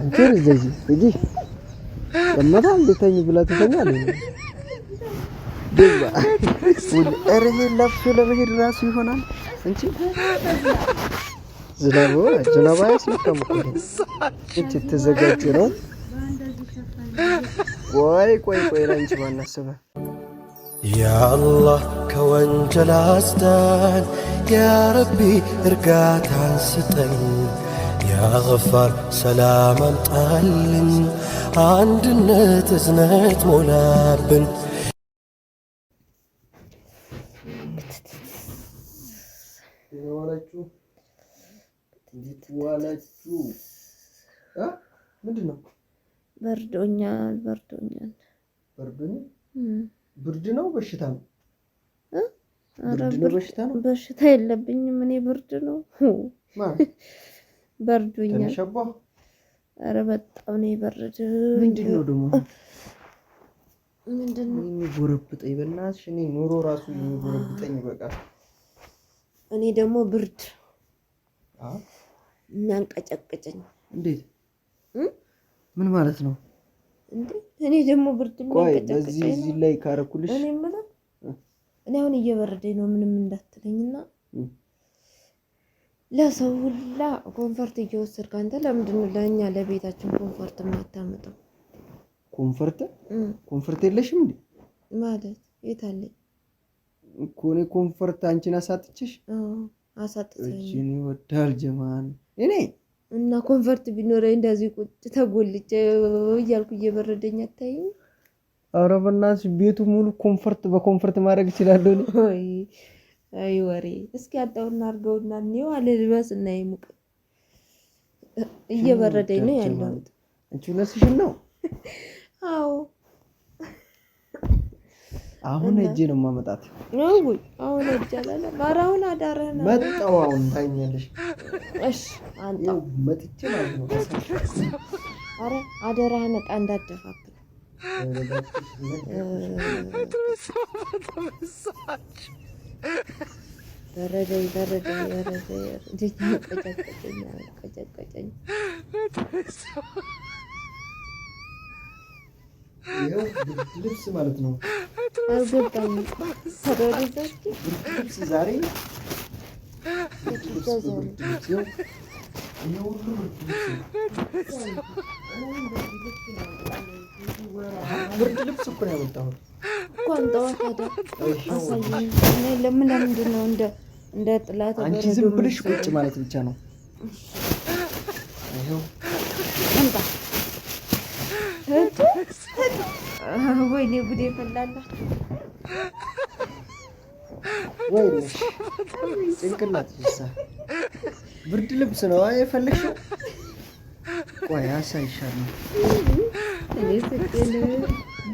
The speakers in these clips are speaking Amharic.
አንቺ ልጅ ልጅ ለማታ ልተኝ ብላ ትተኛለህ። ደባ ወደረህ ለፍቶ ለመሄድ ራሱ ይሆናል። አንቺ ዝናብ ዝናብ አያስነካም እኮ እንቺ ተዘጋጁ ነው። ቆይ ቆይ ቆይ ላንቺ ማን አሰበ? ከወንጀል አስዳን፣ ያ እርጋታን ስጠኝ ያ ገፋር ሰላም አምጣልን፣ አንድነት እዝነት ሞላብን። ምንድን ነው? በርዶኛል፣ በርዶኛል። ብርድ ነው በሽታ ነው? በሽታ የለብኝም እኔ ብርድ ነው በርዶኛል። ኧረ በጣም ነው የበረደኝ። ምንድን ነው ደግሞ ምንድን ነው የሚጎረብጠኝ? በእናትሽ እኔ ኑሮ ራሱ የሚጎረብጠኝ በቃ እኔ ደግሞ ብርድ የሚያንቀጨቅጭኝ እንዴት ምን ማለት ነው እኔ ደግሞ ብርድ የሚያንቀጨቅጨኝ እዚህ ላይ ካረኩልሽ። እኔ የምልህ እኔ አሁን እየበረደኝ ነው ምንም እንዳትለኝና ለሰው ሁላ ኮንፈርት እየወሰድክ አንተ ለምንድን ነው ለእኛ ለቤታችን ኮንፈርት የማታመጣው? ኮንፈርት ኮንፈርት የለሽም እንዴ? ማለት የት አለኝ እኮ እኔ ኮንፈርት አንቺን አሳጥችሽ አሳጥችኝ ይወዳል ጀማን እኔ እና ኮንፈርት ቢኖረኝ እንደዚህ ቁጭ ተጎልቼ እያልኩ እየበረደኝ አታይም? ኧረ ቤቱ ሙሉ ኮንፈርት በኮንፈርት ማድረግ እችላለሁ ይወሬ እስኪ አጣውና አርገውና ነው አለ ልበስ እና ይሙቅ እየበረደኝ ነው ያለሁት። አንቺ እውነትሽን ነው? አዎ አሁን እጄ ነው የማመጣት። ወይ አሁን እጄ አለ ባራውን አዳረና መጣው። አሁን ታኛለሽ። እሺ አንጣው መጥቼ ማለት ነው። አረ አደራህን ዕቃ እንዳደፋብኝ በረደኝ በረደኝ በረደኝ ቆጨቆጨኝ ቆጨቆጨኝ ልብስ ማለት ነው። አልገባኝም። ልብስ ዛሬ ብርድ ልብስ እኮ ነው ያመጣሁት። ቋንጣ ሄደ አሳየኝ። እንደ ጥላት አንቺ ዝም ብለሽ ቁጭ ማለት ብቻ ነው። ይኸው እንጣ ወይኔ ጉዴ ፈላላ። ጭንቅላት ብርድ ልብስ ነው የፈለግሽው? ቆይ አሳይሻለሁ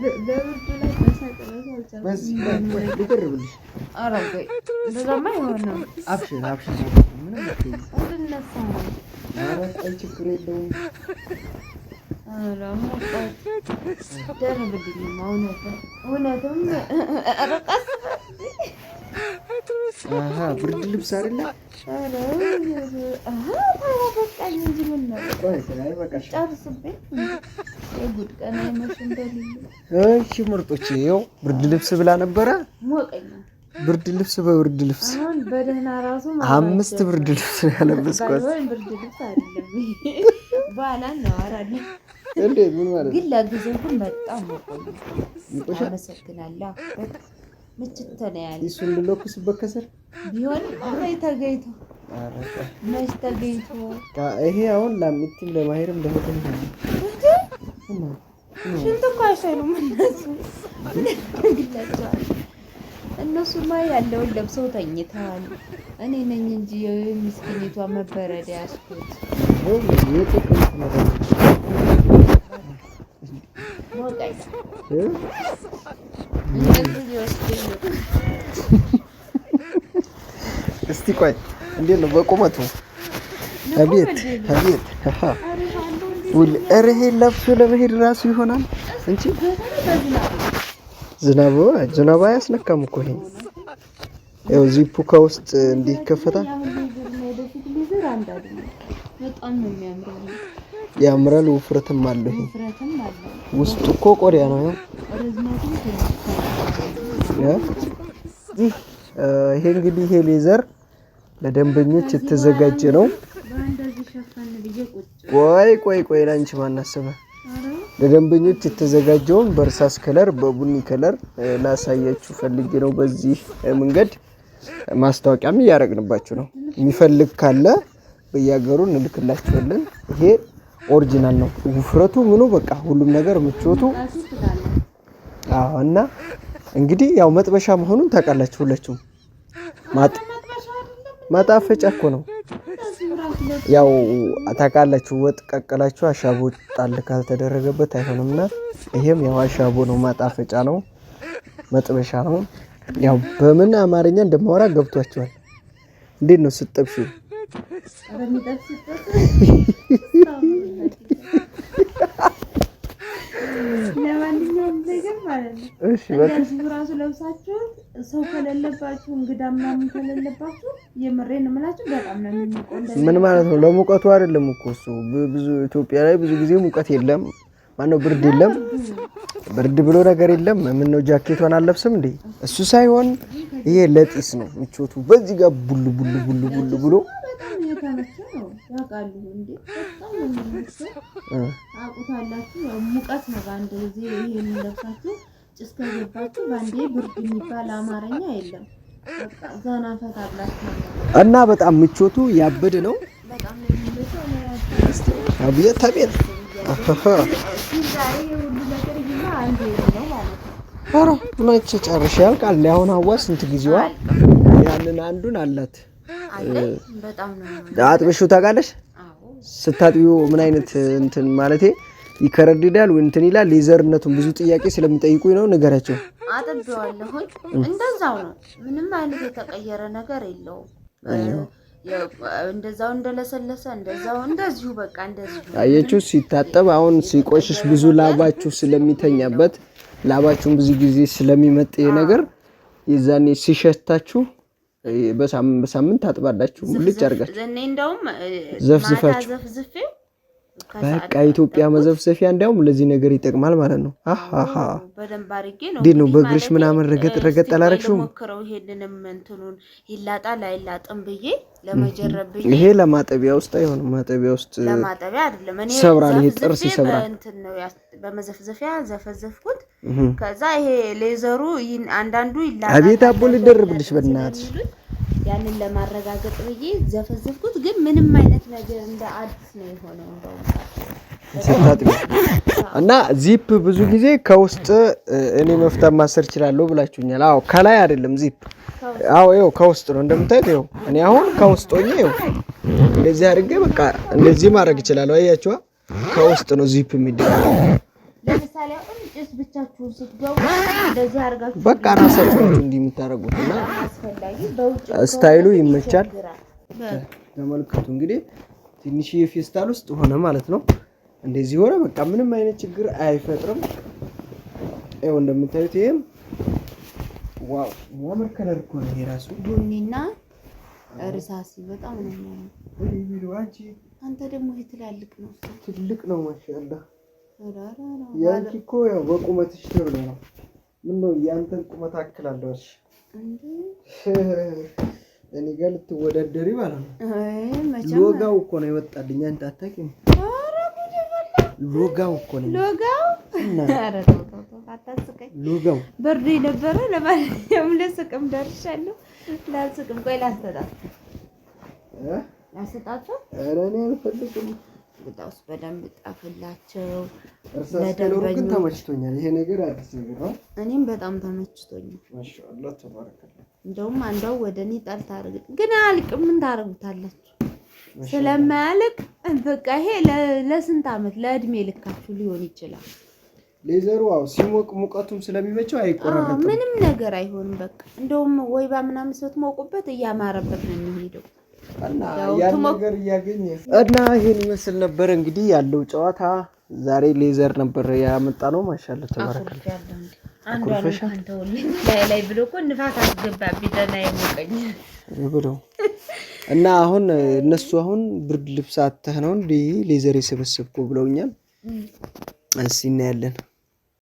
ብርድ ልብስ አይደለ? አሃ በቃ እንጂ ምን ነው? ቆይ ስለይ በቃ ጨርስብኝ እሺ ምርጦች፣ ይኸው ብርድ ልብስ ብላ ነበረ። ብርድ ልብስ በብርድ ልብስ አምስት ብርድ ልብስ ያለበስኳት እንዴት? ምን ማለት ግን ለጊዜው ግን እሱን ልሎክስ በከሰር ቢሆን ወይ ተገኝቶ መች ተገኝቶ ይሄ አሁን ላሚቲም ለማሄርም ለሆቴል ነው ሽንት እኮ አይሰሉም እነሱማ ያለውን ለብሰው ተኝተዋል። እኔ ነኝ እንጂ ምስኪኒቷ መበረድ ያስኩት እስቲ ቆይ እንዴት ነው በቁመቱ? አቤት አቤት እርሄ ለብሶ ለመሄድ ራሱ ይሆናል እንጂ ዝናብ ዝናብ አያስነካም እኮ ይሄ። ያው ዚፑ ከውስጥ እንዲህ ይከፈታል። ያምራል፣ ውፍረትም አለው። ይሄ ውስጡ እኮ ቆዳ ነው። ይሄ እንግዲህ ይሄ ሌዘር ለደንበኞች የተዘጋጀ ነው። ቆይ ቆይ ቆይ ላንቺ ማን ለደንበኞች የተዘጋጀውን በእርሳስ ከለር በቡኒ ከለር ላሳያችሁ ፈልጌ ነው። በዚህ መንገድ ማስታወቂያም እያደረግንባችሁ ነው። የሚፈልግ ካለ በየሀገሩ እንልክላችኋለን። ይሄ ኦሪጂናል ነው። ውፍረቱ ምኑ በቃ ሁሉም ነገር ምቾቱ። አዎ። እና እንግዲህ ያው መጥበሻ መሆኑን ታውቃላችሁ ሁላችሁም። ማጣፈጫ እኮ ነው ያው ታውቃላችሁ ወጥ ቀቅላችሁ አሻቦ ጣል ካልተደረገበት አይሆንምና ይሄም ያው አሻቦ ነው፣ ማጣፈጫ ነው፣ መጥበሻ ነው። ያው በምን አማርኛ እንደማወራ ገብቷችኋል። እንዴት ነው ስጠብሹ? ለማንኛውም ነገር ማለት ነው ለብሳችሁ ሰው ከሌለባችሁ እንግዳ ምናምን ከሌለባችሁ የምሬን ምላችሁ በጣም ነው የሚሞቀው። ምን ማለት ነው? ለሙቀቱ አይደለም እኮ እሱ። ብዙ ኢትዮጵያ ላይ ብዙ ጊዜ ሙቀት የለም፣ ማነው ብርድ የለም፣ ብርድ ብሎ ነገር የለም። ምን ነው ጃኬቷን አለብስም እንዴ? እሱ ሳይሆን ይሄ ለጢስ ነው ምቾቱ። በዚህ ጋር ቡሉ ቡሉ ቡሉ ቡሉ ብሎ ሙቀት ነው። በአንድ ጊዜ ይሄን ለብሳችሁ ጭስ ከገባችሁ ባንዴ ብርድ የሚባል አማርኛ የለም። ዘና ፈታ ብላችሁ እና በጣም ምቾቱ ያበድ ነው። አብየት ተቤት ኧረ መቼ ጨርሼ ያልቃል። አሁን ሀዋ ስንት ጊዜዋ ያንን አንዱን አላት አጥብሹ ታውቃለች። ስታጥቢው ምን አይነት እንትን ማለቴ ይከረድዳል ወይ እንትን ይላል። ሌዘርነቱን ብዙ ጥያቄ ስለሚጠይቁኝ ነው። ንገራቸው። አጥቤዋለሁኝ። እንደዛው ነው። ምንም አይነት የተቀየረ ነገር የለውም። እንደዛው እንደለሰለሰ እንደዛው እንደዚሁ በቃ እንደዚሁ አየችው። ሲታጠብ አሁን ሲቆሽሽ ብዙ ላባችሁ ስለሚተኛበት ላባችሁን ብዙ ጊዜ ስለሚመጥ ነገር የዛኔ ሲሸታችሁ በሳምንት ታጥባላችሁ። ልጭ አርጋችሁ ዘኔ እንደውም ዘፍዝፋችሁ በቃ የኢትዮጵያ መዘፍዘፊያ እንዲያውም ለዚህ ነገር ይጠቅማል ማለት ነው። አሃ እንዴት ነው በእግርሽ ምናምን ረገጥ ረገጥ አላረግሽውም? ይሄንንም እንትኑን ይላጣል አይላጥም ብዬ ለመጀረብ ብዬ ይሄ ለማጠቢያ ውስጥ አይሆንም። ማጠቢያ ውስጥ ለማጠቢያ አይደለም። እኔ ይሰብራል፣ ይሄ ጥርስ ይሰብራል። እንትን ነው በመዘፍዘፊያ ዘፈዘፍኩት። ከዛ ይሄ ሌዘሩ አንዳንዱ ይላጣል። አቤት አቦ ሊደርብልሽ በእናትሽ ያንን ለማረጋገጥ ብዬ ዘፈዘፍኩት፣ ግን ምንም አይነት ነገር እንደ አዲስ ነው የሆነው። እና ዚፕ ብዙ ጊዜ ከውስጥ እኔ መፍታት ማሰር እችላለሁ ብላችሁኛል። አዎ ከላይ አይደለም ዚፕ። አዎ ይኸው ከውስጥ ነው እንደምታዩት። ይኸው እኔ አሁን ከውስጥ ሆኜ ይኸው እንደዚህ አድርጌ በቃ እንደዚህ ማድረግ እችላለሁ። አያችኋ፣ ከውስጥ ነው ዚፕ የሚደረገው። ጭስ ብቻችሁን ስትገቡ እንደዚህ አድርጋችሁ በቃ ራሳችሁ እንዲህ የምታደርጉት እና ስታይሉ ይመቻል። ተመልከቱ እንግዲህ ትንሽዬ ፌስታል ውስጥ ሆነ ማለት ነው። እንደዚህ ሆነ በቃ ምንም አይነት ችግር አይፈጥርም። ያው እንደምታዩት ይሄም ዋው የሚያምር ከለር እኮ ነው የራሱ ቡኒና እርሳሲ በጣም ነው አንተ ደግሞ ይህ ትላልቅ ነው ትልቅ ነው ማሻአላህ ያንቺ እኮ ያው በቁመትሽ ተብሎ ነው። ምነው ያንተን ቁመት አክል አለዋልሽ? እኔ ጋር ልትወዳደሪ ማለት ነው። ሎጋው እኮ ነው የወጣልኝ። አንተ አታውቂም። ሎጋው እኮ ነው ሎጋው ሎጋው በርዶ የነበረ ለማንኛውም ለስቅም ደርሻለሁ። ላስቅም ቆይ ላስሰጣት ላስሰጣቸው እኔ አልፈልግም ቅጣውስ በደንብ ጣፍላቸው። ግን ተመችቶኛል። ይሄ ነገር አዲስ ነገር ነው። እኔም በጣም ተመችቶኛል። ማሻአላ ተባረከላ። እንደውም አንዷ ወደ እኔ ጣል ታደርግ ግን አያልቅም። ምን ታደርጉታላችሁ? ስለማያልቅ በቃ ይሄ ለስንት አመት ለእድሜ ልካችሁ ሊሆን ይችላል። ሌዘሩ አው ሲሞቅ ሙቀቱም ስለሚመቸው አይቆረጥም። ምንም ነገር አይሆንም። በቃ እንደውም ወይ ባምናምን ስትሞቁበት እያማረበት ነው የሚሄደው። እና ይሄን ይመስል ነበር እንግዲህ ያለው ጨዋታ። ዛሬ ሌዘር ነበር ያመጣ ነው። ማሻአላ ተባረከል። እና አሁን እነሱ አሁን ብርድ ልብስ አተህ ነው እንዲህ ሌዘር የሰበሰብኩ ብለውኛል። እስኪ እናያለን።